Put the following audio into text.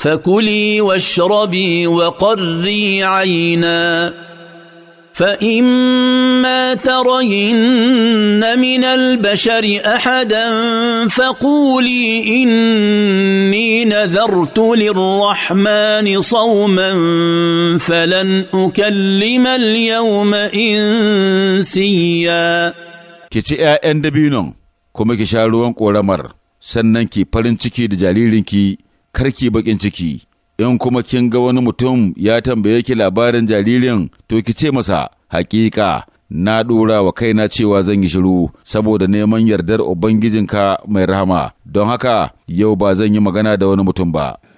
فكلي واشربي وقري عينا فإما ترين من البشر أحدا فقولي إني نذرت للرحمن صوما فلن أكلم اليوم إنسيا كتئا ‘ya'yan dabinon kuma قولمر سننكي ruwan دجاليلنكي karki bakin ciki, in kuma kin ga wani mutum ya tambaye ki labarin jaririn to ki ce masa hakika na ɗora wa kaina cewa zan yi shiru saboda neman yardar Ubangijinka mai rahama, don haka yau ba zan yi magana da wani mutum ba.